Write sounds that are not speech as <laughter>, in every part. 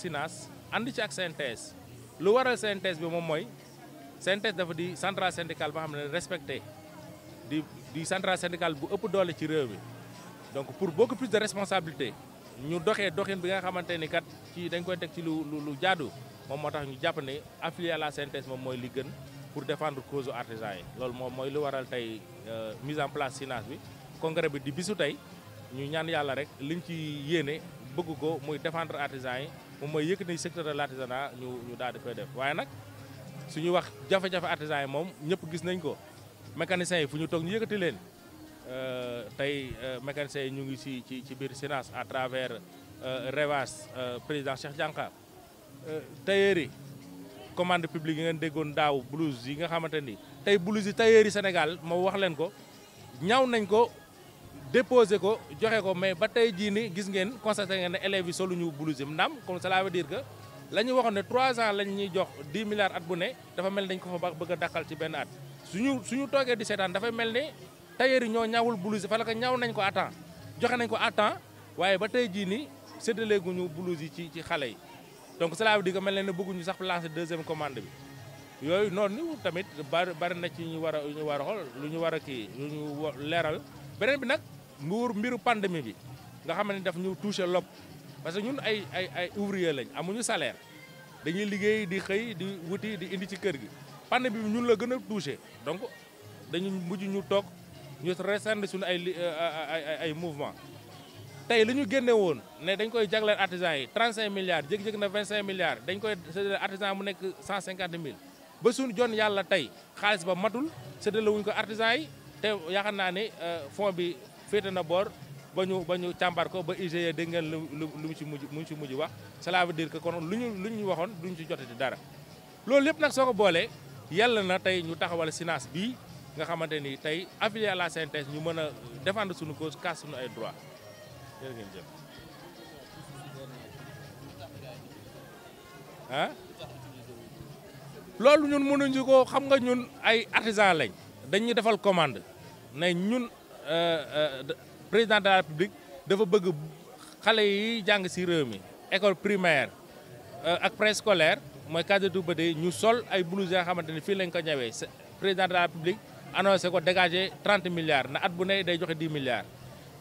SYNAS ànd ci ak CNTS lu waral CNTS bi moom mooy CNTS dafa di centrale syndicale boo xam ne respecté di di centrale syndicale bu ëpp doole ci réew mi donc pour beaucoup plus de responsabilité ñu doxee doxin bi nga xamante ni kat ci dañ koy teg ci lu lu jaadu moom moo tax ñu jàpp ne affilié à la CNTS moom mooy li gën pour défendre cause artisan yi loolu moom mooy lu waral tey euh, mise en place SYNAS bi congrès bi di bisu tey ñu ñaan yàlla rek liñ ci yéene bëgg ko muy défendre artisan yi moom mooy yëkkati secteur de l' artisanat ñu ñu daal di def waaye nag su suñu wax jafe-jafe artisan yi moom ñëpp gis nañ ko mécaniciens yi fu ñu toog ñu yëkkati leen euh, tey euh, mécaniciens yi ñu ngi si ci ci biir SYNAS à travers euh, Revas président Cheikh Dianka tailleur yi commande publique yi ngeen déggoon daaw blouse yi nga xamante ni tey blouse yi tailleur Sénégal moo wax leen ko ñaaw nañ ko déposé ko joxé ko mais ba tey jii ni gis ngeen constaté ngeen ne élèves yi solu ñu blouse ndam comme cela veut dire que lañu waxone waxoon ne ans lañ ñi jox 10 milliards at bu né dafa melni dañ ko fa bëgg a ci benn at suñu suñu togué di sétane dafa melni ni tailleur ñoo ñaawul blouse fa la ko ñaaw nañ ko à joxé nañ ko à waye waaye ba tey jii ni séddaleeguñu blouse ci ci xalé yi donc cela veut dire que mel na ne bëgguñu sax lancer deuxième commande bi yoy non ni tamit bari na ci ñu wara a ñu war a xool lu ñu war a ñu leeral beneen bi nak nguur mbiru pandémie bi nga xam ne daf ñu touché lopp parce que ñun ay ay ay ouvrier lañ amuñu salaire dañuy liggéey di xëy di wuti di indi ci kër gi pandémie bi ñun la gën a touché donc dañu mujj ñu toog ñu resend suñ euh, euh, ay ay mouvement tey li ñu génne woon ne dañ koy jagleel artisan yi 35 milliards jékki-jékki na 25 milliards dañ koy séddale artisan mu nekk 150 mille ba suñu jon yàlla tey xaalis ba matul séddale wuñ ko artisan yi te yaakaar naa ne euh, fond bi féete na boor ba ñu ba ñu càmbar ko ba IGE dégg ngeen lu lu mu ci mujj mu ci mujj wax cela veut dire que kon lu ñu lu ñu waxoon duñ ci jotati dara loolu lépp nag soo ko boolee yàlla na tey ñu taxawal SYNAS bii nga xamante ni tey affilié à la CNTS ñu mën a défendre suñu cause kaas suñu ay droit ah loolu ñun mënuñu ko xam nga ñun ay artisan lañ dañuy defal commande ne ñun Euh, euh, président de la république dafa bëgg xale yi jàng ci réew mi école primaire euh, ak préscolaire mooy case de tout-petit ñu sol ay blouse yoo xamante ni fii lañ ko ñëwee président de la république annoncé ko dégagé 30 milliards na at bu ne day joxe 10 milliards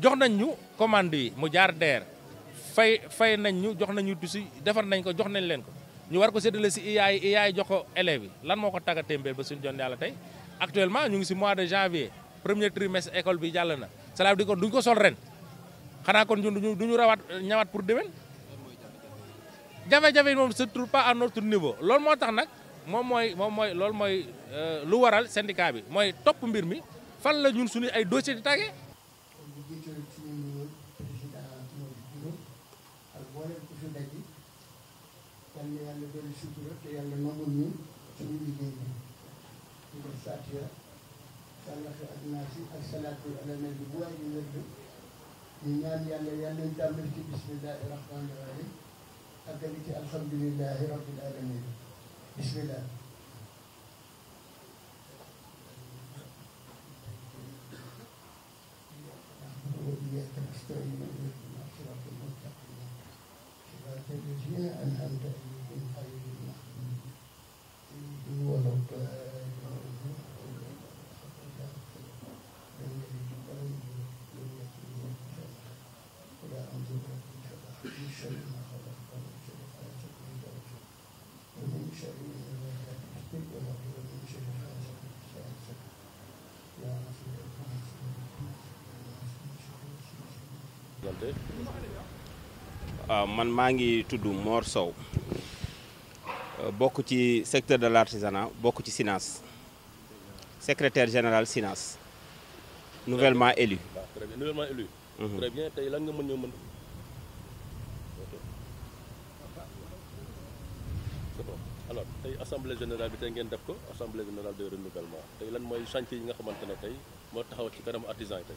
jox nañ ñu commande yi mu jaar DER fay fay nañ ñu jox nañ ñu tusi defar nañ ko jox nañ leen ko ñu war ko séddale si iyaay iyaay jox ko élèves yi lan moo ko tagga témbéel ba suñu jon yàlla tey actuellement premier trimestre école bi jàll na cela veut kon duñ ko sol ren xanaa kon duñu duñu rawaat ñawaat pour déwén jafe-jafe yi moom se pas à notre niveau loolu moo tax nag moom mooy moom mooy loolu mooy euh, lu waral syndicat bi mooy topp mbir mi fan la ñun suñu ay dossier di tàggee fatiha ak naas yi ak salaatu ala nabi bu waay ñu wedd ñu ñaan yàlla yàlla nañ tàmbali ci bismillahi rahmaani rahim ak ci alhamdulilahi rabbil alamin bismillah waaw euh, man maa ngi tudd Mor Sow euh, bokk ci secteur de l'artisanat bokk ci SYNAS secrétaire général SYNAS nouvellement élu. nouvellement élu. Mhm. tey lan nga mën ñoo mën. alors tey assemblée générale bi tey ngeen def ko assemblée générale de renouvellement tey lan mooy chantier yi nga xamante ne tey moo taxaw ci kanam artisan yi tey.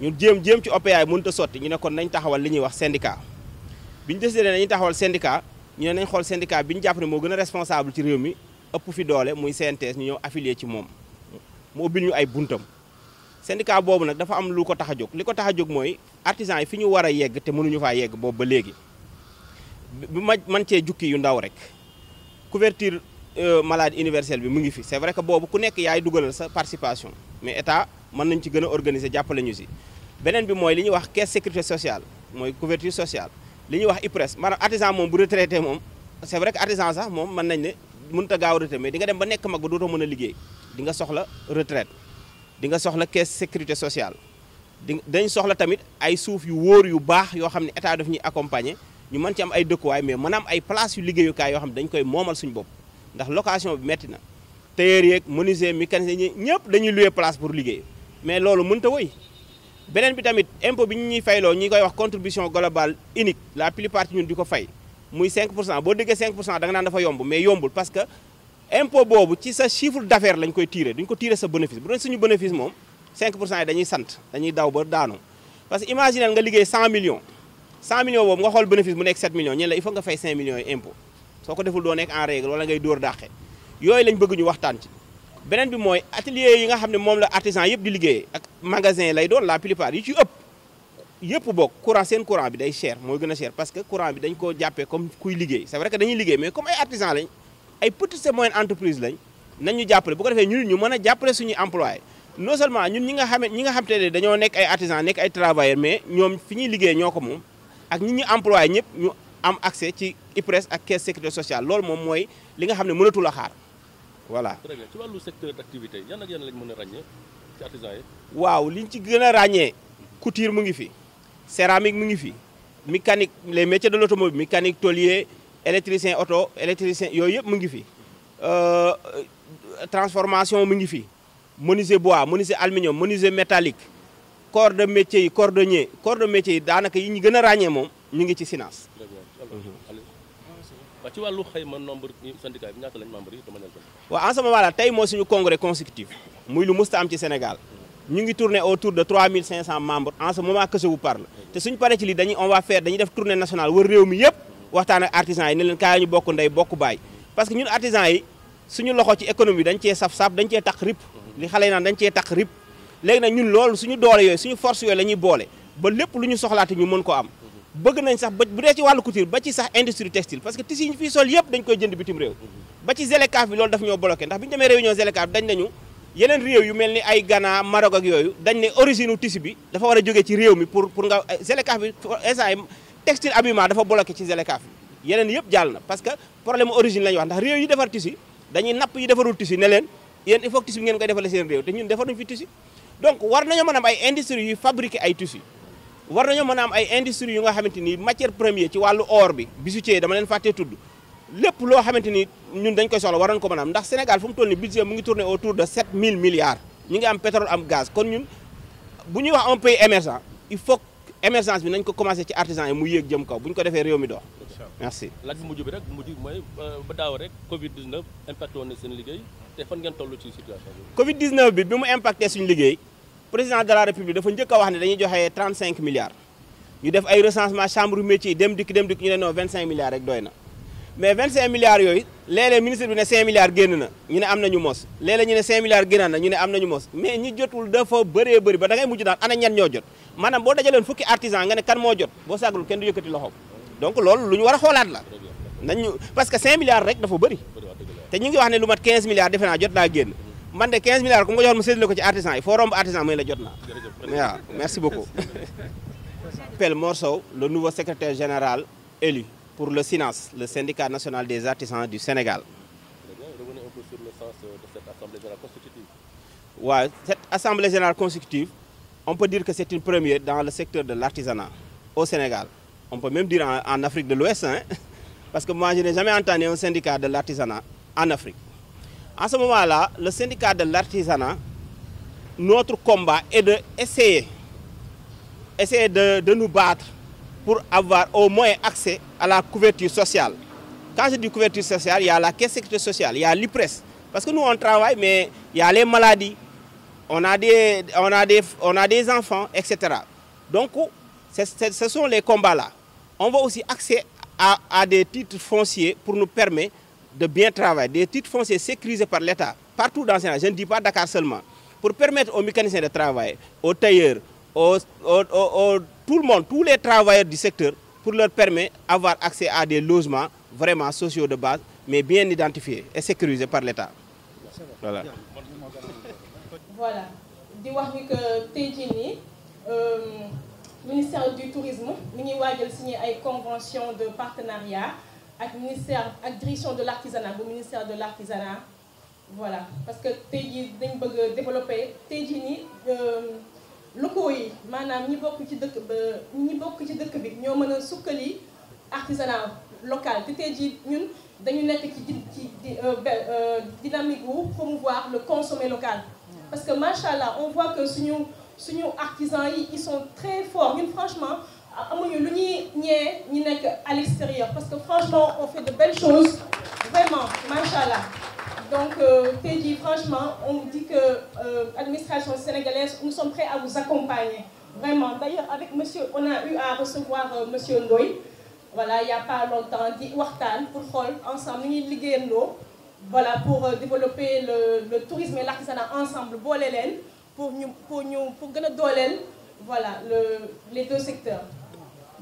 ñun jéem jéem ci OPA mënut a sotti ñu nekkoon nañ taxawal li ñuy wax syndicat bi ñu décidé ñu taxawal syndicat ñu ne nañ xool syndicat bi ñu jàpp ne moo gën a responsable ci réew mi ëpp fi doole muy CNTS ñu ñëw affilié ci moom mu ubbil ñu ay buntam syndicat boobu nag dafa am lu ko tax a jóg li ko tax a jóg mooy artisan yi fi ñu war a yegg te mënuñu faa yegg boobu ba léegi bu ma man cee jukki yu ndaw rek couverture euh, maladie universelle bi mu ngi fi c'est vrai que boobu ku nekk yaay dugalal sa participation mais état mën nañ ci gën a organiser jàppale ñu si benen bi moy liñu wax caisse sécurité sociale moy couverture sociale liñu wax IPRES manam artisan mom bu retraité mom c'est vrai que artisan sax mom man nañ ne mën ta gaaw retraité mais di nga dem ba nek mag ba dootoo mën a liggéey di nga soxla retraite di nga soxla caisse sécurité sociale dañ soxla tamit ay souf yu wóor yu baax yo xamni état daf ñi accompagner ñu mën ci am ay dëkkuwaay mais mën am ay place yu liggéeyukaay yoo yo xamni dañ koy momal suñ bop ndax location bi metti na tailleur yek menuisier mécanicien ñepp dañuy louer place pour liggéey mais lolu mën ta woy beneen bi tamit impôt bi ñu ñuy fayloo ñi koy wax contribution globale unique la plupart ci ñun di ko fay muy 5 pour cent boo déggee 5 pour cent da nga naan dafa yomb mais yombul parce que impôt boobu ci sa chiffre d'affaires lañ koy tiré duñ ko tiré sa bénéfice bu doon suñu bénéfice moom 5 pour cent yi dañuy sant dañuy daw ba daanu parce que imaginer nga liggéey 100 millions 100 millions boobu nga xool bénéfice mu nekk 7 millions ñen la il faut nga fay 5 millions yi impôt soo ko deful doo nekk en règle wala ak magasin lay doon la plupart yi ci ëpp yëpp bokk courant sen courant bi day cher moy gëna cher parce que courant bi dañ ko jappé comme kuy liggéey c'est vrai que dañuy liggéey mais comme ay artisans lañ ay petites et moyennes entreprises lañ nañu jappalé bu ko défé ñun ñu mëna jappalé suñu suñuy employé non seulement ñun ñi nga xamé ñi nga xamté te dañoo nek ay artisans nek ay travailleurs mais ñom fiñuy liggéey ñoko ko moom ak ñi ñu employé ñëpp ñu am accès ci IPRES ak caisse sécurité sociale lool mom moy li nga xamné ne mënatul xaar voilà. très bien ci walu secteur d'activité ñan ak yan lañ mëna a ci artisan yi waaw liñ ci gën a couture mu ngi fi céramique mu ngi fi mécanique les métiers de l'automobile mécanique tôlier électricien auto électricien yooyu yëpp mu ngi fi euh, transformation mu ngi fi menuisier bois menuisier aluminium menuisier métallique corps de métier cordonnier corps de métier yi daanaka yi ñu gën a ràññee moom ñu ngi ci SYNAS waaw ci wàllu xayma nombre syndicat bi ñaata lañ membre yi en ce moment là tey moo suñu congrès consécutif. Nous lu au Sénégal nous ngi autour de 3500 membres en ce moment que je vous parle Et si nous ci de dañuy on va faire dañuy def tournée nationale wër artisans yi ne leen kaay ñu parce que ñun artisans yi suñu loxo ci économie dañ saf saf dañ Nous sommes rip li dañ Nous rip ñun suñu doole suñu force nous la des ba lépp lu ñu ñu mën ko am bëgg nañ sax que tissu yi ñu sol dañ koy jënd artisans. ba ci daf ñoo ndax yeneen réew yu mel ni ay gana Maroc ak yooyu dañ ne origine u tissu bi dafa war a jógee ci réew mi pour pour nga eh, Zelekaf bi instant yi textile dafa bloqué ci Zelekaf bi yeneen yëpp jàll na parce que problème origine la ñu wax ndax réew yi defar tissu dañuy napp yi defarul tissu ne leen yéen il faut tissu ngeen koy defale seen réew te ñun donc war nañoo mën a am ay industrie yuy fabriquer ay tissu war nañoo mën a am ay industrie yu nga xamante ni matière première ci wàllu or bi bijoutier dama leen fàttee tudd lépp loo xamante ni ñun dañ koy faire parce ko mën ndax Sénégal fu mu budget mu ngi tourner autour de 7000 milliards Nous ngi am pétrole am gaz kon ñun bu ñuy wax un pays émergent il faut émergence bi nañ ko commencer ci artisan yi mu yéeg jëm kaw bu ñu ko defee réew mi dox merci La bu mujj bi rek euh, rek covid 19 impacté woon na seen liggéey te fan ngeen toll ci situation covid 19 bi bi mu impacté suñu Le président de la république a wax qu'il dañuy joxe 35 milliards ñu def ay recensement chambre métier dem dikk dem dikk ñu ne non 25 milliards rek doy mais 25 milliards yooyu léeg-léeg ministre bi ne 5 milliards génn na ñu ne am nañu mos léeg-léeg ñu ne 5 milliards génnaat na ñu ne am nañu mos mais ñi jotul dafa bëree bëri ba da ngay mujj naan ana ñan ñoo jot maanaam boo dajaleen fukki artisan nga ne kan moo jot boo sàggalul kenn du yëkkati loxoom donc loolu lu ñu a xoolaat la parce que 5 rek dafa bëri te ñu ngi wax ne lu mat 15 milliards defe naa jot naa génn man de 15 milliards ku ma joxoon mu séddale yi foo <laughs> général pour le SINAS, le syndicat national des artisans du Sénégal. Revenez un peu sur le sens de cette Assemblée générale constitutive. Ouais, cette Assemblée générale constitutive, on peut dire que c'est une première dans le secteur de l'artisanat au Sénégal. On peut même dire en, Afrique de l'Ouest, hein, <laughs> parce que moi je n'ai jamais entendu un syndicat de l'artisanat en Afrique. En ce moment-là, le syndicat de l'artisanat, notre combat est d'essayer de essayer, de nous battre pour avoir au moins accès à la couverture sociale. Quand je dis couverture sociale, il y a la caisse sécurité sociale, il y a l'IPRES. Parce que nous, on travaille, mais il y a les maladies, on a des, on a des, on a des enfants, etc. Donc, ce sont les combats-là. On va aussi accès à, à, des titres fonciers pour nous permettre de bien travailler. Des titres fonciers sécurisés par l'État, partout dans ce Je ne dis pas Dakar seulement. Pour permettre aux mécaniciens de travailler, aux tailleurs, aux tout le monde, tous les travailleurs du secteur, pour leur permettre d'avoir accès à des logements vraiment sociaux de base, mais bien identifiés et sécurisés par l'État. Voilà. Voilà. di wax ni que euh, ministère du tourisme mi signé une convention de partenariat avec le ministère de l'artisanat Le ministère de l'artisanat voilà parce que Tejini, jii développer Tejini, euh, locaux manam ñi bokk ci dëkk ba ñi bokk ci dëkk bi ñoo mëna sukkali artisanat local té tey ñun dañu nekk ci euh, euh, dynamique pour promouvoir le consommer local parce que machallah on voit que suñu suñu artisans yi ils sont très forts ñun franchement amuñu ne ñuy pas ñi nekk à l'extérieur parce que franchement on fait de belles choses vraiment machallah donc, euh, franchement, on vous dit que l'administration euh, sénégalaise, nous sommes prêts à vous accompagner. Vraiment. D'ailleurs, avec monsieur, on a eu à recevoir euh, monsieur voilà, il n'y a pas longtemps, dit Ouartal pour Hall, ensemble, voilà, pour euh, développer le, tourisme et l'artisanat ensemble, pour nous, pour nous, pour voilà, les deux secteurs.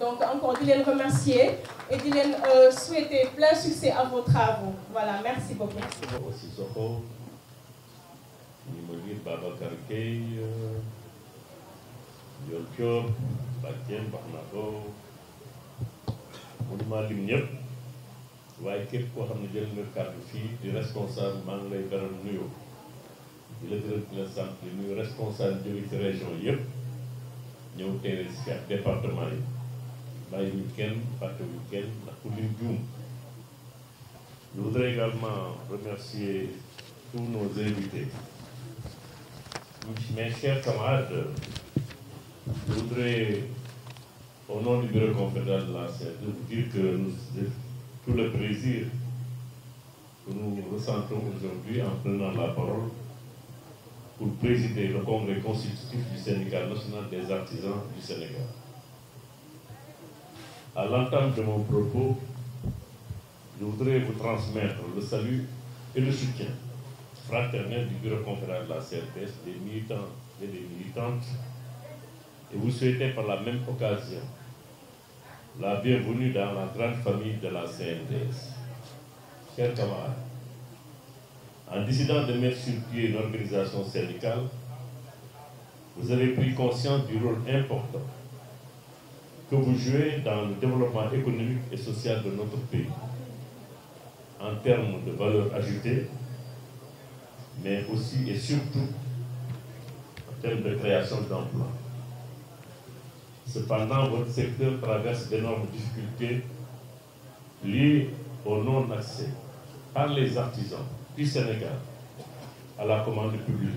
Donc encore, je les remercier et je euh, souhaiter plein succès à vos travaux. Voilà, merci beaucoup. Merci beaucoup. région je voudrais également remercier tous nos invités mes chers camarades je voudrais au nom du bureau confédéral de la de vous dire que nous tout le plaisir que nous ressentons aujourd'hui en prenant la parole pour présider le congrès constitutif du syndicat national des artisans du Sénégal à l'entente de mon propos, je voudrais vous transmettre le salut et le soutien fraternel du Bureau confédéral de la CRDS, des militants et des militantes, et vous souhaiter par la même occasion la bienvenue dans la grande famille de la CRDS. Chers camarades, en décidant de mettre sur pied une organisation syndicale, vous avez pris conscience du rôle important que vous jouez dans le développement économique et social de notre pays, en termes de valeur ajoutée, mais aussi et surtout en termes de création d'emplois. Cependant, votre secteur traverse d'énormes difficultés liées au non-accès par les artisans du Sénégal à la commande publique,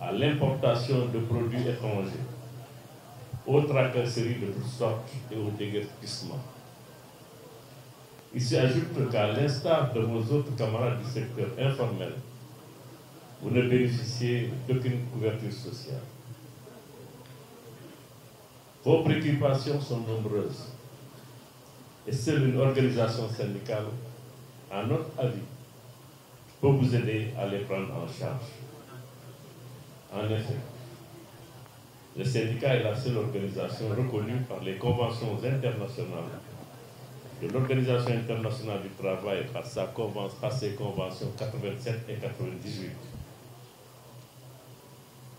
à l'importation de produits étrangers aux tracasseries de toutes sortes et aux déguisement. Il s'ajoute qu'à l'instar de vos autres camarades du secteur informel, vous ne bénéficiez d'aucune couverture sociale. Vos préoccupations sont nombreuses et seule une organisation syndicale, à notre avis, peut vous aider à les prendre en charge. En effet, le syndicat est la seule organisation reconnue par les conventions internationales de l'Organisation internationale du travail par, sa ses conventions 87 et 98.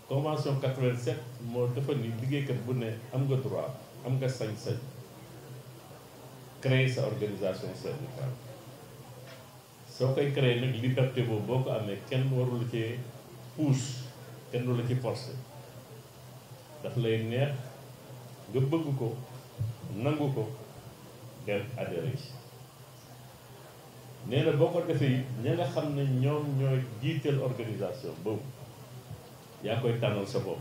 Convention 87 il dafa que que bu a droit créer cette organisation syndicale soo qui créer une liberté de boo ko qui warul pousse kenn qui la daf lay neex nga bëgg ko nangu ko del adhéré si, nee na boo ko defee ña nga xam ne ñoom ñooy jiital organisation boobu ya, yaa koy tànnal sa bopp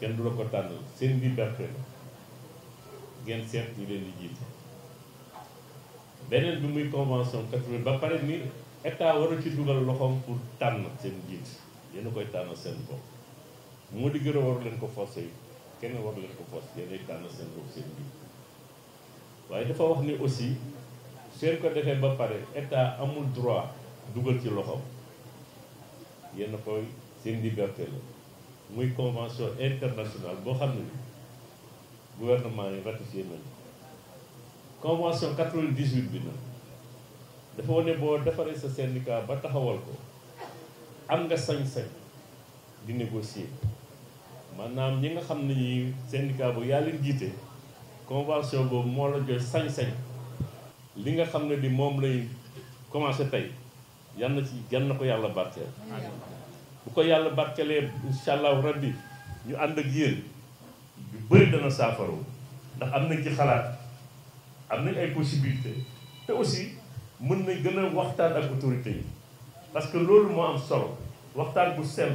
kenn du la ko tànnal seen liberté la ngeen seet ñu leen di jiite beneen bi muy convention 80 ba pare ni état war a ci dugal loxoom pour tànn seen jiit yéen a koy tànnal seen bopp moo di gën a waru leen ko forcé yi kenn waru leen ko forcé yéenay tànn seen bopp seen biir waaye dafa wax ni aussi seen ko defee ba pare état amul droit dugal ci loxoom yenn koy seen liberté la muy convention international boo xam ne gouvernement yi ratifié nañu convention 98 bi nag dafa wane boo defaree sa syndicat ba taxawal ko am nga sañ-sañ di négocier maanaam ñi nga xam ne ñi seen bu yaa leen jiite convention boobu moo la jox sañ-sañ li nga xam ne di moom lay commencé tey yal na ci yal na ko yàlla barkeel bu ko yàlla barkelee incha allahu rabbi ñu ànd ak yéen yu bëri dana saafaru ndax am nañ ci xalaat am nañ ay possibilité te aussi mën na gën a waxtaan ak autorité yi parce que loolu moo am solo waxtaan bu sell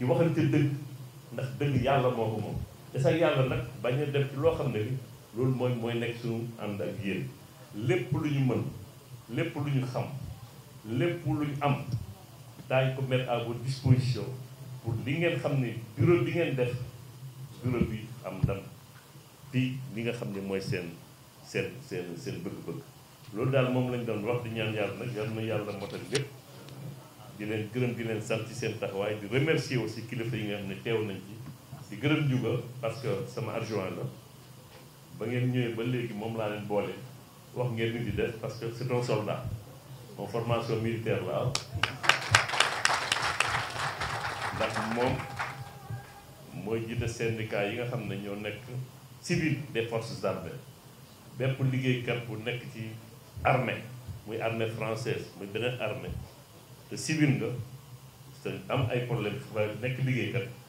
di waxante dëgg ndax dëgg yàlla moo ko moom te sax yàlla nag bañ a def ci loo xam ne bi loolu mooy mooy nekk suñu ànd ak yéen lépp lu ñu mën lépp lu ñu xam lépp lu ñu am daañ ko mettre à votre disposition pour li ngeen xam ne bureau bi ngeen def bureau bi am ndam fii li nga xam ne mooy seen seen seen seen bëgg-bëgg loolu daal moom lañ doon wax di ñaan yàlla nag yal na yàlla motal lépp di leen gërëm di leen sant ci seen taxawaay di remercier aussi kilifa yi nga xam ne teew nañ ci di gërëm juga parce que sama adjoint la ba ngeen ñëwee ba léegi moom laa leen boole wax ngeen ni di def parce que c'est un soldat moom formation militaire la am ndax moom mooy jiite syndicat yi nga xam ne ñoo nekk civil des forces armées bépp liggéeykat bu nekk ci armée muy armée française muy beneen armée te civil nga te am ay problème nekk liggéeykat